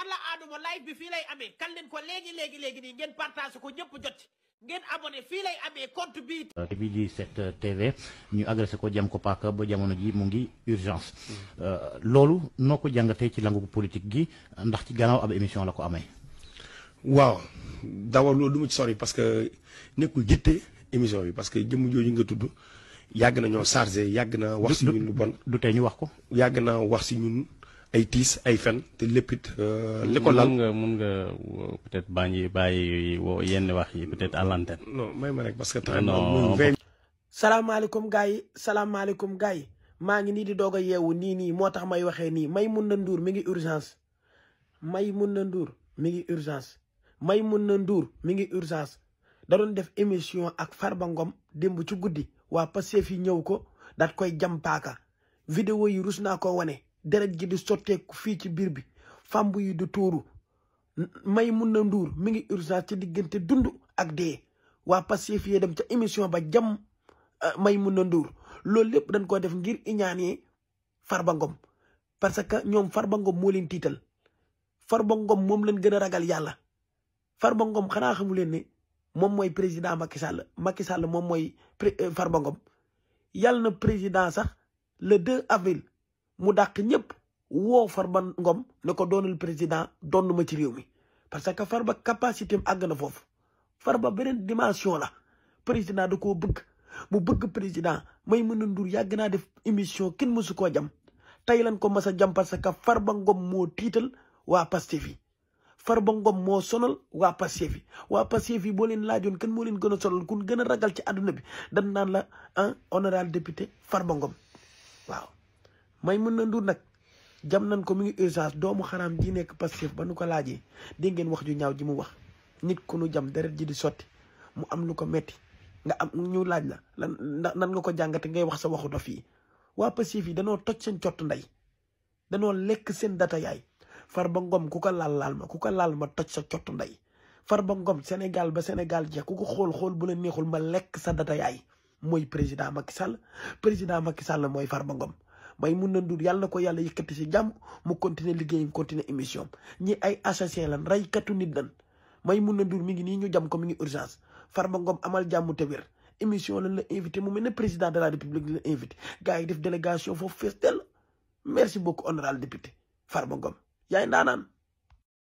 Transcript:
alla aaduma live bi fii lay amee kan ko léegi léegi léegi nii ngeen partage ko ñëpp jot ngeen abonné fii lay amee compte bi bi di 7TV euh, ñu agressé ko jam ko paaka ba jamono ji mu ngi urgence mm. euh, loolu noo ko jàngatee ci langu politique gi ndax ci gannaaw ab émission la ko amee waaw d'abord loolu du ma ci sori parce que nekkul jëtte émission bi parce que jëmm jooju nga tudd yàgg na ñoo chargé yàgg na wax si ñun lu bon du tey ñu wax ko yàgg n wax si ñun ay tiis ay fen te lépp it euh, li ko lal mun nga mun nga peut-être bàyyi bàyyi yenn wax yi peut-être à l'antenne non may ma rek parce salaamaaleykum gars yi salaamaaleykum gars yi maa ngi nii di doog a yeewu nii nii moo tax may waxee nii may mun na nduur mi ngi urgence Maimouna Ndour mi ngi urgence Maimouna Ndour mi ngi urgence da doon def émission ak Farba Ngom démb ci guddi waa Pastef yi ñëw ko daat koy jam paaka vidéo yi rus naa ko wane deret ji di sotteeku fii ci biir bi fàmb yi di tuuru may mun na nduur mi ngi urgence ci diggante dund ak dee waa Pastef yi dem ca émission ba jam euh, may mun na nduur loolu lépp dañ ko def ngir iñaanee Farba parce que ñoom Farba Ngom moo tiital Farba Ngom moom lañ gën a ragal yàlla Farba Ngom xanaa xamu leen ne moom mooy président Macky Sall moom mooy euh, Farba Ngom yàlla na président sax le deux avril mu dàq ñëpp woo Farba ngoom ne ko doonal président doon ma ci réew mi parce que Farba capacité am àgg na foofu Farba beneen dimension la président da koo bëgg mu bëgg président may Maimouna nduur yàgg naa def émission kenn mësu koo jam tey lan ko mas a jam parce que Farba ngoom moo tiital waa Pastef yi Farba ngoom moo sonal waa Pastef yi waa Pastef yi boo leen laajoon kenn moo leen gën a sonal kun gën a ragal ci àdduna bi dan naan la un honorable député Farba na Ndour nag jam nañ ko mu ngi urgence doomu xaraam di nekk Pastef ba nu ko laajee dégg ngeen wax ju ñaaw ji mu wax nit ku nu jam deret ji di sotti mu am lu ko metti nga am ñu laaj la lan nan nga ko jàngate ngay wax sa waxu dof yi waa Pastef yi danoo toj seen cott ndey danoo lekk seen data yaay Farba Ngom ku ko laal laal ma ku ko laal ma toj sa cott ndey ba Ngom Sénégal ba Sénégal jeex ku ko xool xool bu la neexul ma lekk sa data yaay mooy président Macky Sall président Macky Sall mooy far ba Ngom Maimouna Ndour yàlla na ko yàlla yëkkati si jàmm mu continuer liggéeyam continuer émission ñi ay assassin lan raykatu nit mun na Ndour mi ngi nii ñu jam ko mi ngi urgence Farba Ngom amal jàmm te wér émission lan la invité mu mel ne président de la république la invité gars yi def délégation foofu fees dell merci beaucoup honorable député Farba Ngom yaay ndaanaan